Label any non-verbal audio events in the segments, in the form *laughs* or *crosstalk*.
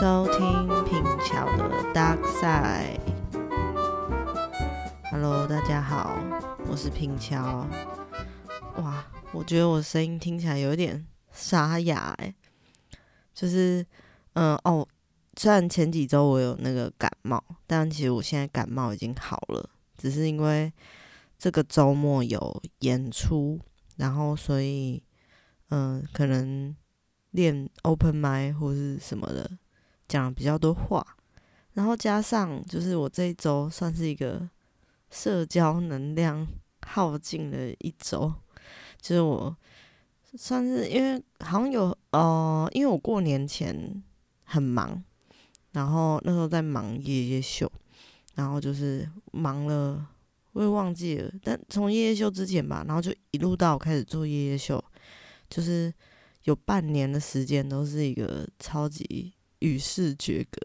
收聽品喬的《Dark Side》。Hello，大家好，我是品喬。哇，我覺得我聲音聽起來有點沙啞哎、欸，就是，嗯、呃，哦，雖然前幾周我有那個感冒，但其實我現在感冒已經好了，只是因為這個周末有演出，然後所以，嗯、呃，可能練 Open Mic 或是什麼的。講比較多話，然後加上就是我這一周算是一個社交能量耗盡的一周，就是我算是因為好像有哦、呃，因為我過年前很忙，然後那時候在忙夜夜秀，然後就是忙了我也忘記了，但從夜夜秀之前吧，然後就一路到我開始做夜夜秀，就是有半年的時間都是一個超級。與世隔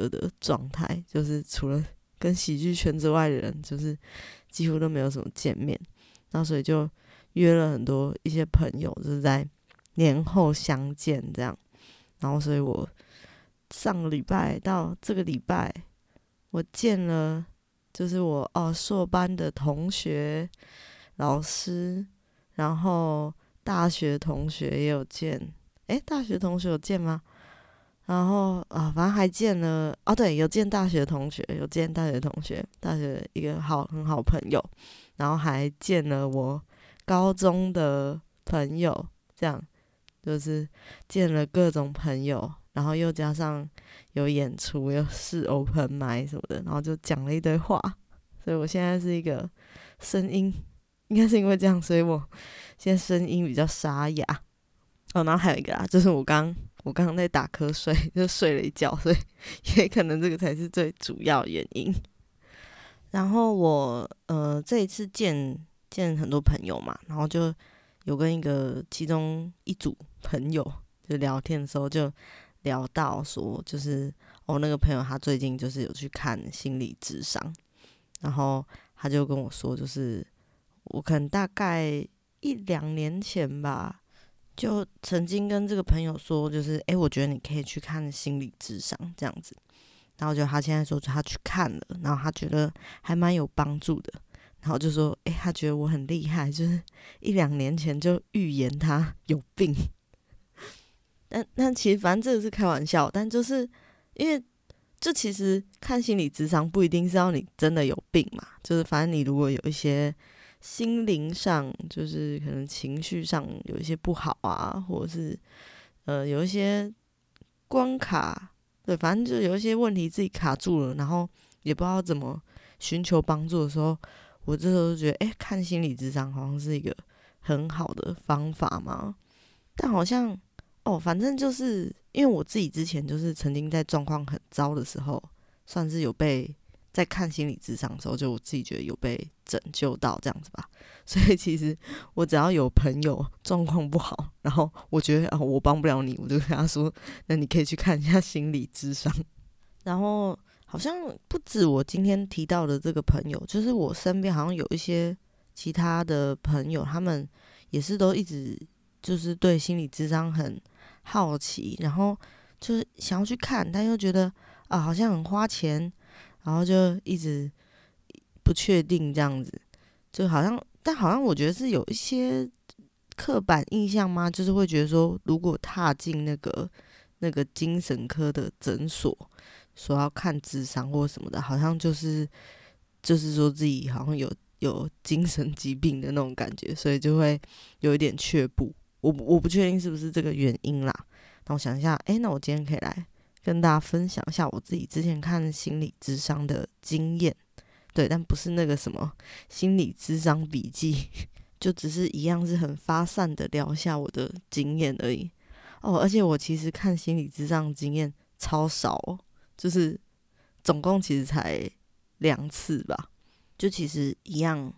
絕的狀態，就是除了跟喜劇圈之外的人，就是幾乎都沒有什麼見面。那所以就約了很多一些朋友，就是在年後相見這樣。然後所以我上個禮拜到這個禮拜，我見了就是我哦碩班的同學、老師，然後大學同學也有見。誒、欸，大學同學有見嗎？然後啊，反正還見了啊，對，有見大學同學，有見大學同學，大學一個好很好朋友，然後還見了我高中的朋友，這樣就是見了各種朋友，然後又加上有演出，又是 open mic 什麼的，然後就講了一堆話，所以我現在是一個聲音，應該是因為這樣，所以我現在聲音比較沙啞。哦，然後還有一個啊，就是我剛。我剛剛在打瞌睡，就睡了一覺，所以也可能這個才是最主要原因。然後我呃這一次見見很多朋友嘛，然後就有跟一個其中一組朋友就聊天的時候，就聊到說，就是我、哦、那個朋友他最近就是有去看心理諮商，然後他就跟我說，就是我可能大概一兩年前吧。就曾經跟這個朋友說，就是哎、欸，我覺得你可以去看心理諮商這樣子。然後就他現在說他去看了，然後他覺得還蠻有幫助的。然後就說，哎、欸，他覺得我很厲害，就是一兩年前就預言他有病。但但其實反正這個是開玩笑，但就是因為這其實看心理諮商不一定是要你真的有病嘛，就是反正你如果有一些。心靈上就是可能情緒上有一些不好啊，或者是呃有一些關卡，對，反正就有一些問題自己卡住了，然後也不知道怎麼尋求幫助的時候，我這時候就覺得，哎，看心理諮商好像是一個很好的方法嘛。但好像哦，反正就是因為我自己之前就是曾經在狀況很糟的時候，算是有被，在看心理諮商的時候，就我自己覺得有被拯救到這樣子吧。所以其實我只要有朋友狀況不好，然後我覺得啊，我幫不了你，我就跟他說：“那你可以去看一下心理諮商。”然後好像不止我今天提到的這個朋友，就是我身邊好像有一些其他的朋友，他們也是都一直就是對心理諮商很好奇，然後就是想要去看，但又覺得啊，好像很花錢。然後就一直不確定這樣子，就好像，但好像我覺得是有一些刻板印象嗎？就是會覺得說，如果踏進那個那個精神科的診所，說要看諮商或什麼的，好像就是就是說自己好像有有精神疾病的那種感覺，所以就會有一點卻步。我我不確定是不是這個原因啦。那我想一下，哎，那我今天可以來。跟大家分享一下我自己之前看心理諮商的經驗，對，但不是那個什麼心理諮商筆記，就只是一樣是很發散的聊一下我的經驗而已。哦，而且我其實看心理諮商的經驗超少哦，就是總共其實才兩次吧，就其實一樣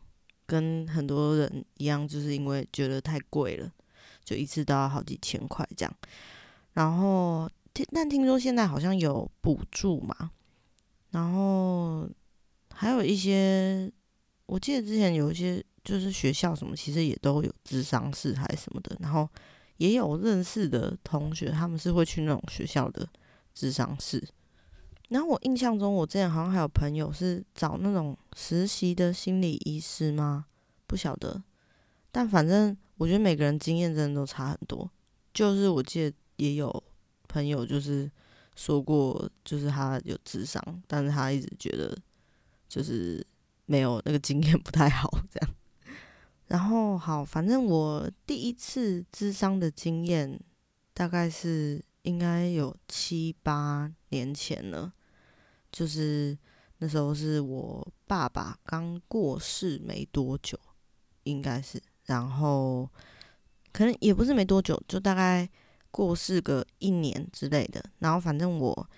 跟很多人一樣，就是因為覺得太貴了，就一次都要好幾千塊這樣，然後。聽，但聽說現在好像有補助嘛，然後還有一些，我記得之前有一些就是學校什麼，其實也都有諮商室還是什麼的，然後也有認識的同學，他們是會去那種學校的諮商室。然後我印象中，我之前好像還有朋友是找那種實習的心理醫師嗎？不曉得，但反正我覺得每個人經驗真的都差很多。就是我記得也有。朋友就是說過，就是他有諮商，但是他一直覺得就是沒有那個經驗不太好這樣。然後好，反正我第一次諮商的經驗大概是應該有七八年前了，就是那時候是我爸爸剛過世沒多久，應該是，然後可能也不是沒多久，就大概。過世個一年之類的，然後反正我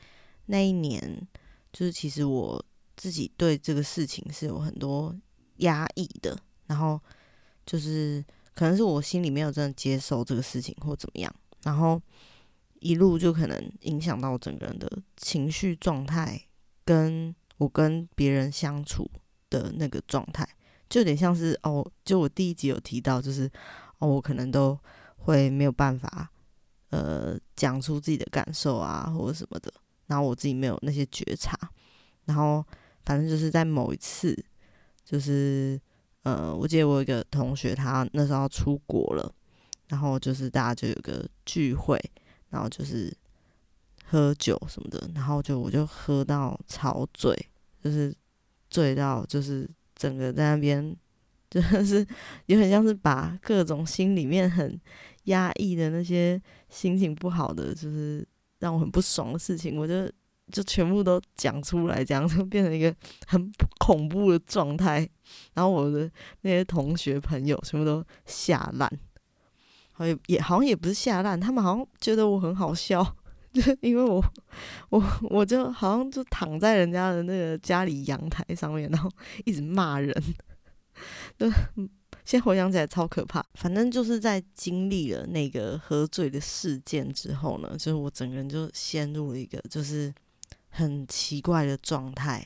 那一年就是，其實我自己對這個事情是有很多壓抑的，然後就是可能是我心裡沒有真的接受這個事情或怎麼樣，然後一路就可能影響到我整個人的情緒狀態，跟我跟別人相處的那個狀態，就有點像是哦，就我第一集有提到，就是哦，我可能都會沒有辦法。呃，講出自己的感受啊，或者什麼的，然後我自己沒有那些覺察，然後反正就是在某一次，就是呃，我記得我有一個同學，他那時候要出國了，然後就是大家就有個聚會，然後就是喝酒什麼的，然後就我就喝到超醉，就是醉到就是整個在那邊，就是有點像是把各種心裡面很壓抑的那些。心情不好的，就是讓我很不爽的事情，我就就全部都講出來這樣，講，就變成一個很恐怖的狀態，然後我的那些同學朋友全部都嚇爛，好像也好像也不是嚇爛，他們好像覺得我很好笑，就因為我我我就好像就躺在人家的那個家裡陽台上面，然後一直罵人，現在回想起來超可怕，反正就是在經歷了那個喝醉的事件之後呢，就是我整個人就陷入了一個就是很奇怪的狀態，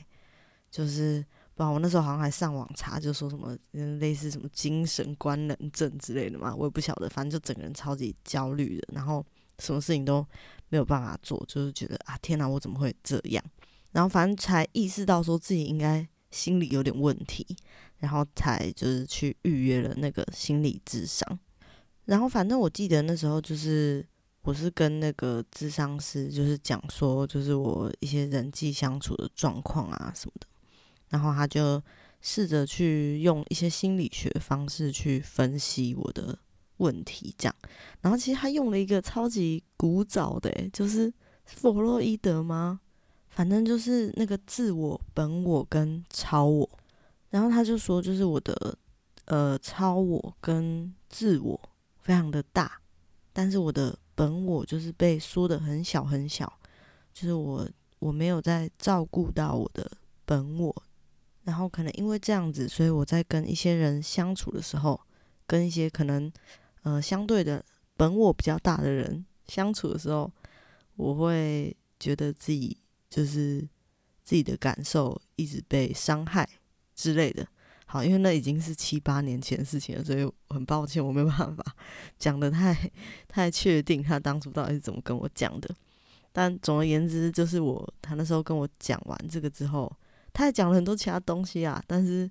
就是，哇，我那時候好像還上網查，就說什麼類似什麼精神官能症之類的嘛，我也不曉得，反正就整個人超級焦慮的，然後什麼事情都沒有辦法做，就是覺得啊，天哪，我怎麼會這樣？然後反正才意識到說自己應該心理有點問題。然後才就是去預約了那個心理諮商，然後反正我記得那時候就是我是跟那個諮商師就是講說就是我一些人際相處的狀況啊什麼的，然後他就試着去用一些心理學方式去分析我的問題這樣，然後其實他用了一個超級古早的，就是佛洛伊德嗎？反正就是那個自我、本我跟超我。然後他就說：“就是我的，呃，超我跟自我非常的大，但是我的本我就是被說的很小很小，就是我我沒有在照顧到我的本我，然後可能因為這樣子，所以我在跟一些人相處的時候，跟一些可能呃相對的本我比較大的人相處的時候，我會覺得自己就是自己的感受一直被傷害。”之類的，好，因為那已經是七八年前的事情了，所以我很抱歉，我沒辦法講的太太確定他當初到底是怎麼跟我講的。但總而言之，就是我他那時候跟我講完這個之後，他也講了很多其他東西啊。但是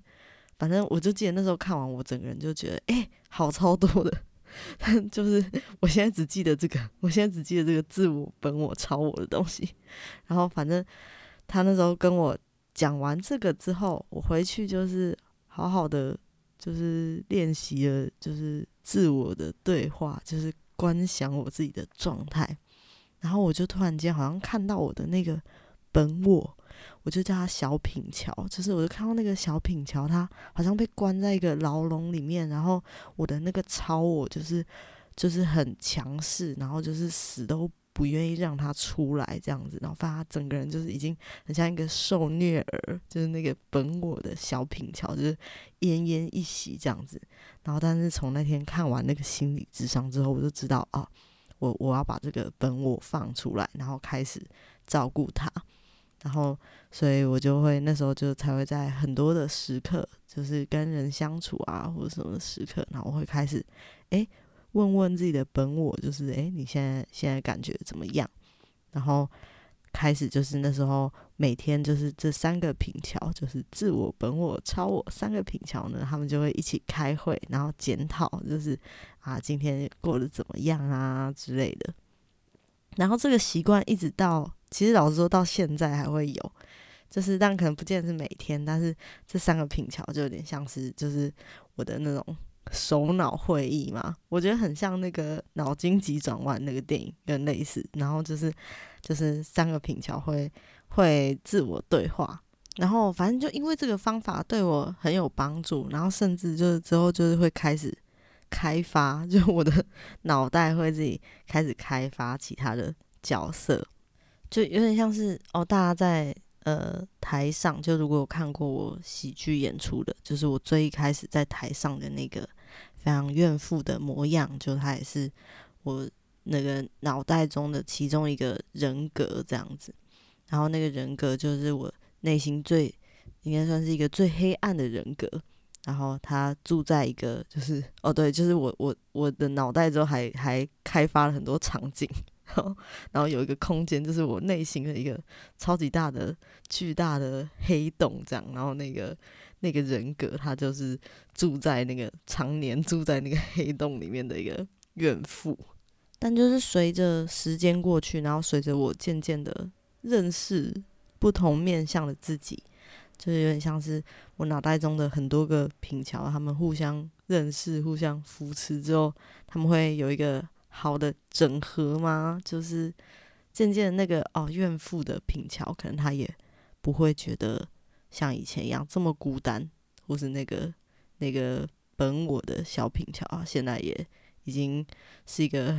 反正我就記得那時候看完，我整個人就覺得，哎、欸，好超多的。但就是我現在只記得這個，我現在只記得這個自我、本我、超我的東西。然後反正他那時候跟我。講完這個之後，我回去就是好好的，就是練習了，就是自我的對話，就是觀想我自己的狀態。然後我就突然間好像看到我的那個本我，我就叫他小品喬，就是我就看到那個小品喬，他好像被關在一個牢籠裡面。然後我的那個超我，就是就是很強勢，然後就是死都。不願意讓他出來這樣子，然後發現他整個人就是已經很像一個受虐兒，就是那個本我的小品橋就是奄奄一息這樣子。然後，但是從那天看完那個心理諮商之後，我就知道啊，我我要把這個本我放出來，然後開始照顧他。然後，所以我就會那時候就才會在很多的時刻，就是跟人相處啊或者什麼時刻，然後我會開始，哎。問問自己的本我，就是誒，你現在現在感覺怎麼樣？然後開始就是那時候每天就是這三個平橋，就是自我、本我、超我三個平橋呢，他們就會一起開會，然後檢討，就是啊，今天過得怎麼樣啊之類的。然後這個習慣一直到，其實老實說，到現在還會有，就是但可能不見得是每天，但是這三個平橋就有點像是，就是我的那種。首腦會議嘛，我覺得很像那個腦筋急轉彎那個電影跟類似，然後就是就是三個品喬會會自我對話，然後反正就因為這個方法對我很有幫助，然後甚至就是之後就是會開始開發，就是我的腦袋會自己開始開發其他的角色，就有點像是哦，大家在呃台上，就如果有看過我喜劇演出的，就是我最一開始在台上的那個。非常怨婦的模樣，就他也是我那個腦袋中的其中一個人格這樣子。然後那個人格就是我內心最應該算是一個最黑暗的人格。然後他住在一個就是哦對，就是我我我的腦袋中還還開發了很多場景。然後，然後有一個空間，就是我內心的一個超級大的巨大的黑洞這樣。然後那個。那個人格，他就是住在那個常年住在那個黑洞裡面的一個怨婦。但就是隨着時間過去，然後隨着我漸漸的認識不同面向的自己，就是有點像是我腦袋中的很多個品橋，他們互相認識、互相扶持之後，他們會有一個好的整合嗎？就是漸漸的那個哦，怨婦的品橋，可能他也不會覺得。像以前一樣這麼孤單，或是那個那個本我的小品喬啊，現在也已經是一個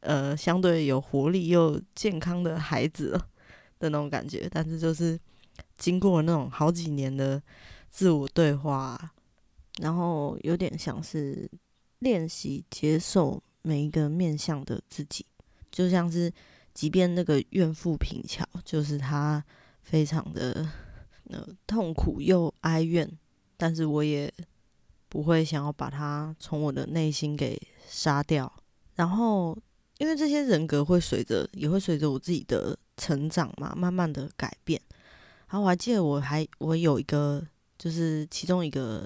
呃相對有活力又健康的孩子了的那種感覺。但是就是經過那種好幾年的自我對話、啊，然後有點像是練習接受每一個面向的自己，就像是即便那個怨婦品喬，就是他非常的。呃、痛苦又哀怨，但是我也不會想要把它從我的內心給殺掉。然後，因為這些人格會隨着，也會隨着我自己的成長嘛，慢慢的改變。然後，啊，我還記得，我還我有一個，就是其中一個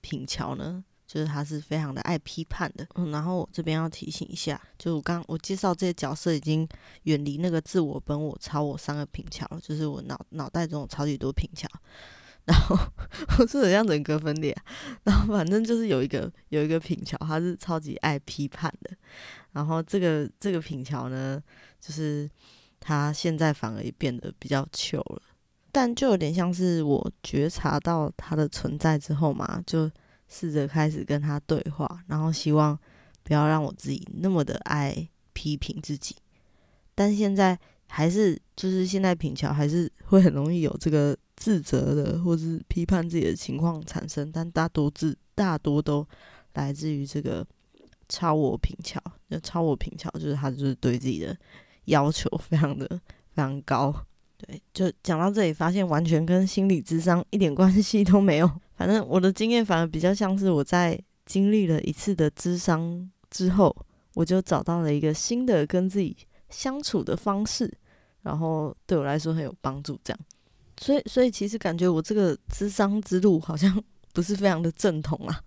品喬呢。就是他是非常的愛批判的。嗯，然後我這邊要提醒一下，就我剛我介紹這些角色已經遠離那個自我、本我、超我三個平橋，就是我腦腦袋中有超級多平橋，然後 *laughs* 我是很像人格分裂，然後反正就是有一個有一個平橋，他是超級愛批判的，然後這個這個平橋呢，就是他現在反而也變得比較 chill 了，但就有點像是我覺察到他的存在之後嘛，就。試着開始跟他對話，然後希望不要讓我自己那麼的愛批評自己。但現在還是就是現在品喬還是會很容易有這個自責的，或是批判自己的情況產生。但大多自大多都來自於這個超我品喬，就超我品喬就是他就是對自己的要求非常的非常高。對，就講到這裡，發現完全跟心理諮商一點關係都沒有。反正我的經驗反而比較像是我在經歷了一次的諮商之後，我就找到了一個新的跟自己相處的方式，然後對我來說很有幫助這樣。所以所以其實感覺我這個諮商之路好像不是非常的正統啊。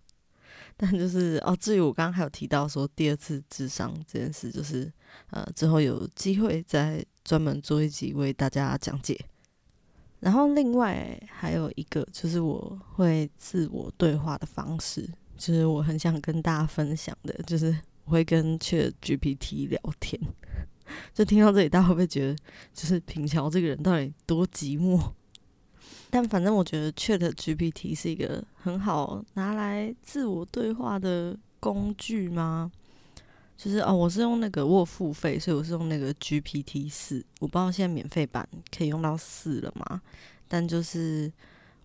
但就是哦，至於我剛剛還有提到說第二次諮商這件事，就是呃之後有機會再專門做一集為大家講解。然後另外還有一個就是我會自我對話的方式，就是我很想跟大家分享的，就是我會跟 Chat GPT 聊天。 *laughs* 就聽到這裡，大家會不會覺得就是品喬這個人到底多寂寞？ *laughs* 但反正我覺得 Chat GPT 是一個很好拿來自我對話的工具嘛？就是哦，我是用那個我付費，所以我是用那個 GPT 四。我不知道現在免費版可以用到四了嗎？但就是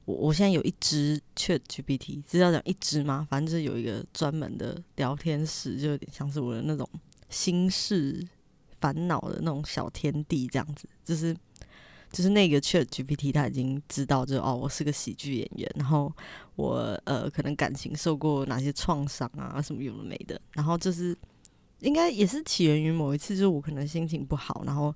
我我現在有一只 Chat GPT，知道講一只嗎？反正就是有一個專門的聊天室，就有點像是我的那種心事煩惱的那種小天地這樣子。就是就是那個 Chat GPT，他已經知道就，就哦，我是個喜劇演員，然後我呃，可能感情受過哪些創傷啊，什麼有的沒的，然後就是。應該也是起源於某一次，就是我可能心情不好，然後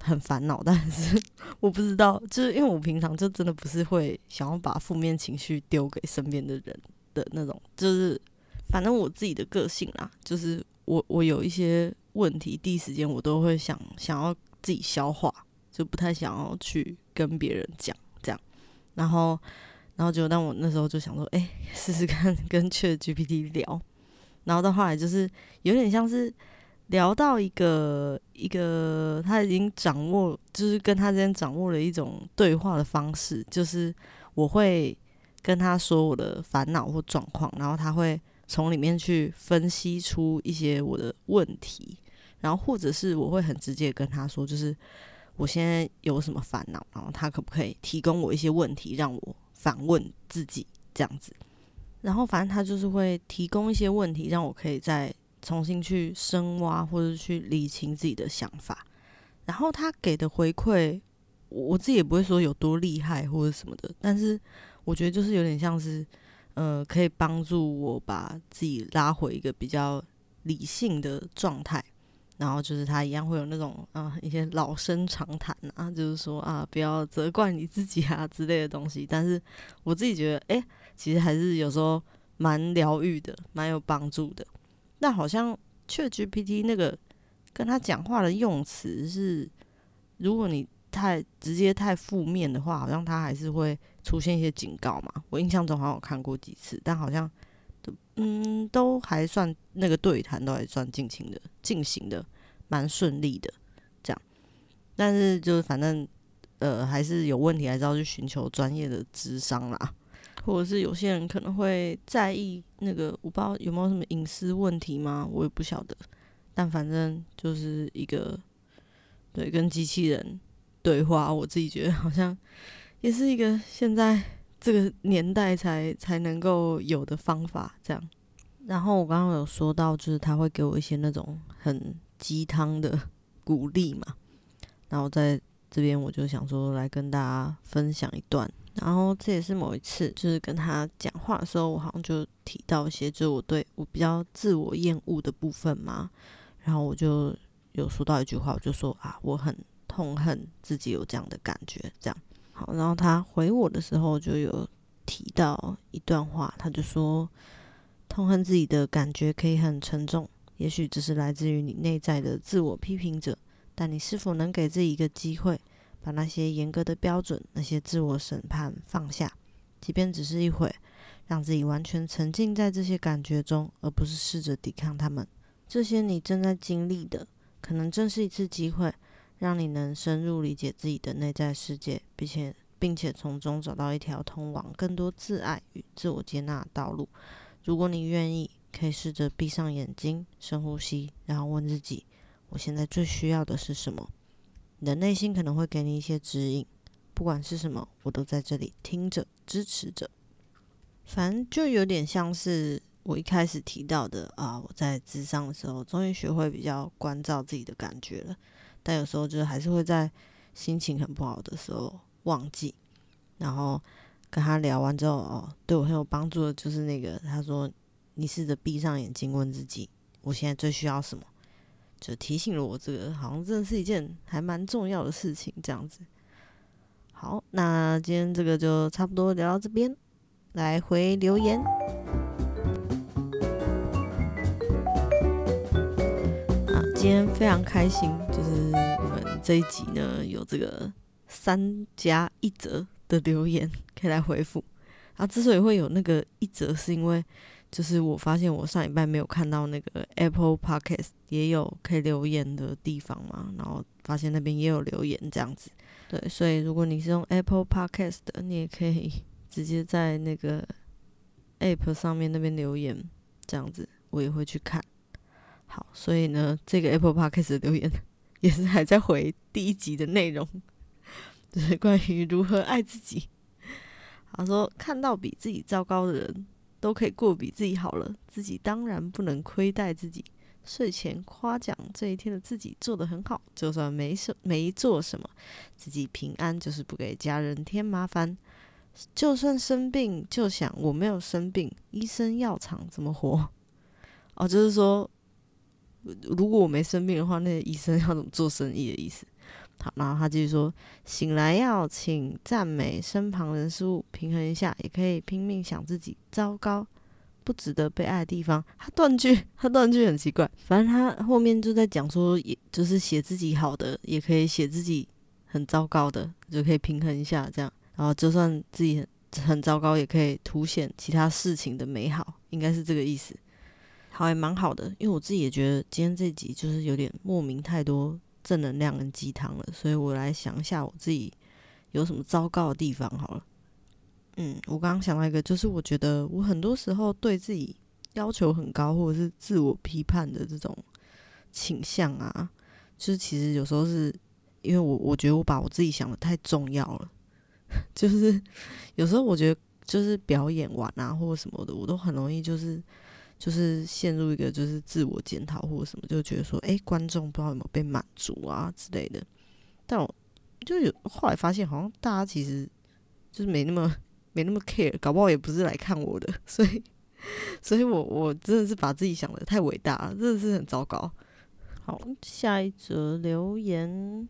很煩惱，但是我不知道，就是因為我平常就真的不是會想要把負面情緒丟給身邊的人的那種，就是反正我自己的個性啦，就是我我有一些問題，第一時間我都會想想要自己消化，就不太想要去跟別人講這樣，然後然後就當我那時候就想說，哎、欸，試試看跟 Chat GPT 聊。然後到後來就是有點像是聊到一個一個，他已經掌握，就是跟他之間掌握了一種對話的方式，就是我會跟他說我的煩惱或狀況，然後他會從裡面去分析出一些我的問題，然後或者是我會很直接跟他說，就是我現在有什麼煩惱，然後他可不可以提供我一些問題讓我反問自己這樣子。然後，反正他就是會提供一些問題，讓我可以再重新去深挖或者去理清自己的想法。然後他給的回饋，我自己也不會說有多厲害或者什麼的，但是我覺得就是有點像是，呃，可以幫助我把自己拉回一個比較理性的狀態。然後就是他一樣會有那種啊、呃、一些老生常談啊，就是說啊，不要責怪你自己啊之類的東西。但是我自己覺得，哎、欸，其實還是有時候蠻療癒的，蠻有幫助的。但好像 ChatGPT 那個跟他講話的用詞是，如果你太直接太負面的話，好像他還是會出現一些警告嘛。我印象中好像有看過幾次，但好像。嗯，都還算那個對談都還算盡情的進行的，蠻順利的這樣。但是就是反正呃還是有問題，還是要去尋求專業的諮商啦，或者是有些人可能會在意那個，我不知道有沒有什麼隱私問題嗎？我也不曉得。但反正就是一個對跟機器人對話，我自己覺得好像也是一個現在。這個年代才才能夠有的方法，這樣。然後我剛剛有說到，就是他會給我一些那種很雞湯的鼓勵嘛。然後在這邊，我就想說來跟大家分享一段。然後這也是某一次，就是跟他講話的時候，我好像就提到一些，就是我對我比較自我厭惡的部分嘛。然後我就有說到一句話，我就說啊，我很痛恨自己有這樣的感覺，這樣。然後他回我的時候，就有提到一段話，他就說：“痛恨自己的感覺可以很沉重，也許只是來自於你內在的自我批評者。但你是否能給自己一個機會，把那些嚴格的標準、那些自我審判放下，即便只是一會，讓自己完全沉浸在這些感覺中，而不是試着抵抗他們，這些你正在經歷的，可能正是一次機會。”讓你能深入理解自己的內在世界，並且並且從中找到一條通往更多自愛與自我接納的道路。如果你願意，可以試着閉上眼睛，深呼吸，然後問自己：我現在最需要的是什麼？你的內心可能會給你一些指引。不管是什麼，我都在這裡聽着、支持着。反正就有點像是我一開始提到的啊，我在諮商的時候，終於學會比較關照自己的感覺了。但有時候就還是會在心情很不好的時候忘記，然後跟他聊完之後哦，對我很有幫助的就是那個他說：“你試着閉上眼睛，問自己我現在最需要什麼。”就提醒了我，這個好像真的是一件還蠻重要的事情。這樣子，好，那今天這個就差不多聊到這邊，來回留言啊，今天非常開心。這一集呢，有這個三加一則的留言可以來回覆。啊，之所以會有那個一則，是因為就是我發現我上禮拜沒有看到那個 Apple Podcast 也有可以留言的地方嘛，然後發現那邊也有留言這樣子。對，所以如果你是用 Apple Podcast 的，你也可以直接在那個 App 上面那邊留言這樣子，我也會去看。好，所以呢，這個 Apple Podcast 的留言。也是還在回第一集的內容，就是關於如何愛自己。他說：“看到比自己糟糕的人都可以過比自己好了，自己當然不能虧待自己。睡前誇獎這一天的自己做得很好，就算沒什沒做什麼，自己平安就是不給家人添麻煩。就算生病，就想我沒有生病，醫生藥廠怎麼活？”哦，就是說。如果我沒生病的話，那個醫生要怎麼做生意的意思？好，然後他繼續說：“醒來要請讚美身旁人事物，平衡一下，也可以拼命想自己糟糕、不值得被愛的地方。”他斷句，他斷句很奇怪。反正他後面就在講說，也就是寫自己好的，也可以寫自己很糟糕的，就可以平衡一下這樣。然後就算自己很很糟糕，也可以凸顯其他事情的美好，應該是這個意思。好、欸，還蠻好的，因為我自己也覺得今天這集就是有點莫名太多正能量跟雞湯了，所以我來想一下我自己有什麼糟糕的地方好了。嗯，我剛剛想到一個，就是我覺得我很多時候對自己要求很高，或者是自我批判的這種傾向啊，就是其實有時候是因為我我覺得我把我自己想得太重要了， *laughs* 就是有時候我覺得就是表演完啊或者什麼的，我都很容易就是。就是陷入一個就是自我檢討或者什麼，就覺得說，誒、欸，觀眾不知道有沒有被滿足啊之類的。但我就有後來發現，好像大家其實就是沒那麼沒那麼 care，搞不好也不是來看我的，所以，所以我我真的是把自己想得太偉大了，真的是很糟糕。好，下一則留言。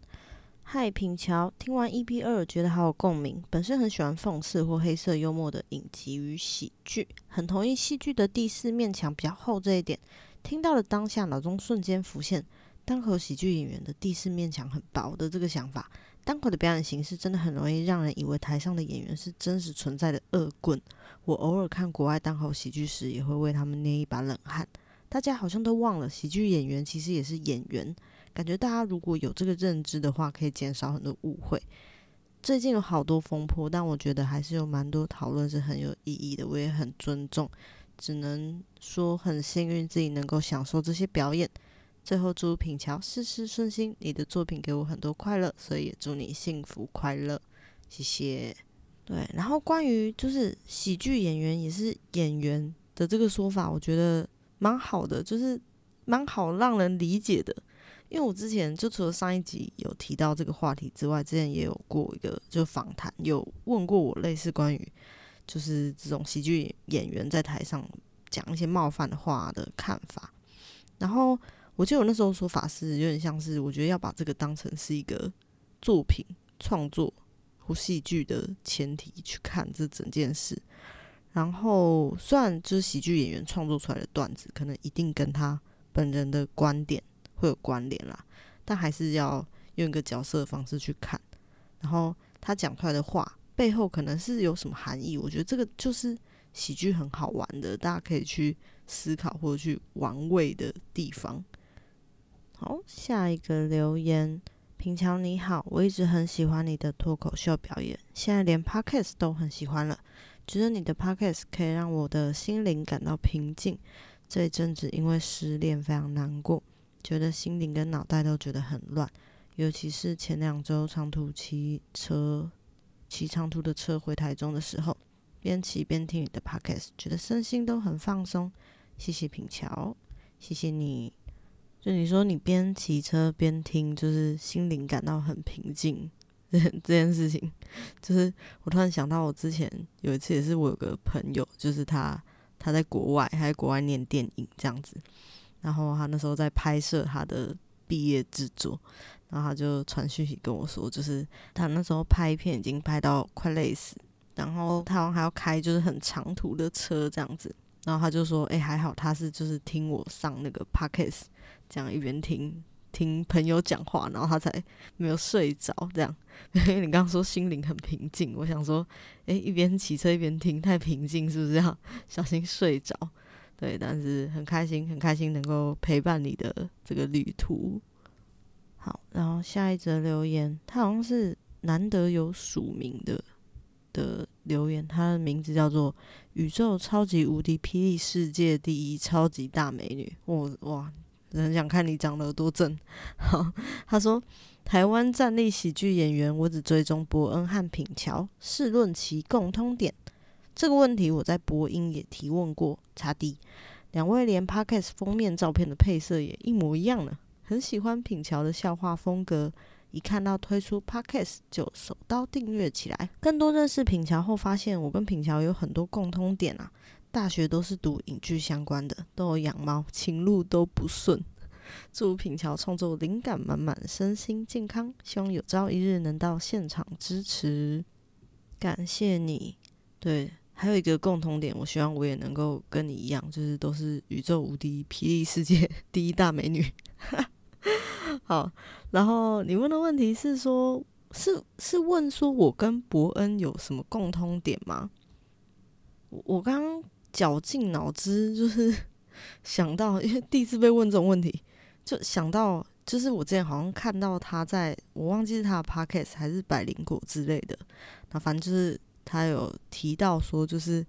嗨品喬聽完 EP2，覺得好有共鳴。本身很喜歡諷刺或黑色幽默的影集與喜劇，很同意戲劇的第四面牆比較厚這一點。聽到了當下，腦中瞬間浮現單口喜劇演員的第四面牆很薄的這個想法。單口的表演形式真的很容易讓人以為台上的演員是真實存在的惡棍。我偶爾看國外單口喜劇時，也會為他們捏一把冷汗。大家好像都忘了，喜劇演員其實也是演員。感覺大家如果有這個認知的話，可以減少很多誤會。最近有好多風波，但我覺得還是有蠻多討論是很有意義的。我也很尊重，只能說很幸運自己能夠享受這些表演。最後祝品蕎事事順心，你的作品給我很多快樂，所以也祝你幸福快樂。謝謝。對，然後關於就是喜劇演員也是演員的這個說法，我覺得蠻好的，就是蠻好讓人理解的。因為我之前就除了上一集有提到這個話題之外，之前也有過一個就訪談，有問過我類似關於就是這種喜劇演員在台上講一些冒犯的話的看法。然後我記得我那時候說法是，有點像是我覺得要把這個當成是一個作品創作或戲劇的前提去看這整件事。然後雖然就是喜劇演員創作出來的段子，可能一定跟他本人的觀點。會有關聯啦，但還是要用一個角色的方式去看。然後他講出來的話背後可能是有什麼含義？我覺得這個就是喜劇很好玩的，大家可以去思考或者去玩味的地方。好，下一個留言：品喬你好，我一直很喜歡你的脫口秀表演，現在連 podcast 都很喜歡了。覺得你的 podcast 可以讓我的心靈感到平靜。這一陣子因為失戀非常難過。覺得心靈跟腦袋都覺得很亂，尤其是前兩周長途騎車，騎長途的車回台中的時候，邊騎邊聽你的 podcast，覺得身心都很放鬆。謝謝品喬，謝謝你。就你說你邊騎車邊聽，就是心靈感到很平靜。這這件事情，就是我突然想到，我之前有一次也是，我有個朋友，就是他他在國外，他在國外念電影這樣子。然後他那時候在拍攝他的畢業制作，然後他就傳訊息跟我說，就是他那時候拍片已經拍到快累死，然後他好像還要開就是很長途的車這樣子，然後他就說：“哎、欸，還好他是就是聽我上那個 podcast 這樣一邊聽聽朋友講話，然後他才沒有睡着。這樣，因為你剛剛說心靈很平靜，我想說，哎、欸，一邊騎車一邊聽太平靜是不是？要小心睡着。”對，但是很開心，很開心能夠陪伴你的這個旅途。好，然後下一則留言，他好像是難得有署名的的留言，他的名字叫做“宇宙超級無敵霹靂世界第一超級大美女”哦。我哇，很想看你長得多正。好，他說：“台灣站立喜劇演員，我只追蹤博恩和品喬，試論其共通點。”這個問題我在播音也提問過查弟，兩位連 podcast 封面照片的配色也一模一樣了。很喜歡品喬的笑話風格，一看到推出 podcast 就手刀訂閱起來。更多認識品喬後，發現我跟品喬有很多共通點啊！大學都是讀影劇相關的，都有養貓，情路都不順。祝品喬創作靈感滿滿，身心健康。希望有朝一日能到現場支持，感謝你。對。還有一個共同點，我希望我也能夠跟你一樣，就是都是宇宙無敵、霹靂世界第一大美女。 *laughs* 好，然後你問的問題是說，是是問說我跟博恩有什麼共通點嗎？我我剛剛絞盡腦汁，就是想到，因為第一次被問這種問題，就想到，就是我之前好像看到他在，我忘記是他的 Podcast 還是百靈果之類的，那反正就是。他有提到說，就是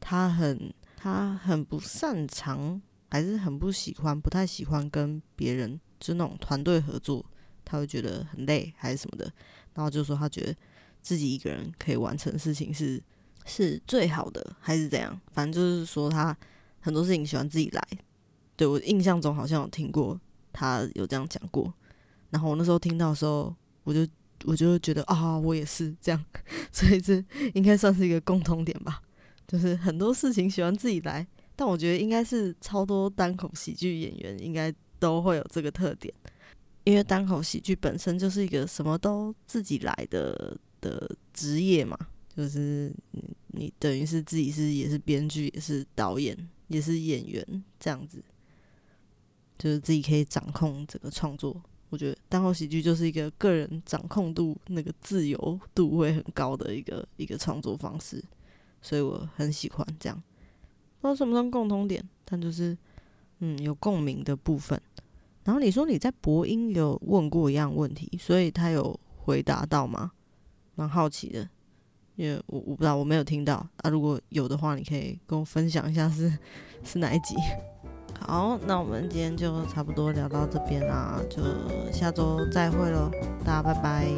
他很他很不擅長，還是很不喜歡，不太喜歡跟別人，就那種團隊合作，他會覺得很累，還是什麼的。然後就說他覺得自己一個人可以完成事情是是最好的，還是怎樣？反正就是說他很多事情喜歡自己來。對，我印象中好像有聽過他有這樣講過。然後我那時候聽到的時候，我就。我就覺得啊、哦，我也是這樣，所以這應該算是一個共同點吧。就是很多事情喜歡自己來，但我覺得應該是超多單口喜劇演員應該都會有這個特點，因為單口喜劇本身就是一個什麼都自己來的的職業嘛，就是你等於是自己是也是編劇，也是導演，也是演員這樣子，就是自己可以掌控整個創作。我覺得單口喜劇就是一個個人掌控度，那個自由度會很高的一個一個創作方式，所以我很喜歡這樣。不知道算不算共通點，但就是嗯有共鳴的部分。然後你說你在播音有問過一樣問題，所以他有回答到嗎？蠻好奇的，因為我我不知道我沒有聽到。啊，如果有的話，你可以跟我分享一下是是哪一集。好，那我們今天就差不多聊到這邊啦，就下周再會嘍，大家拜拜。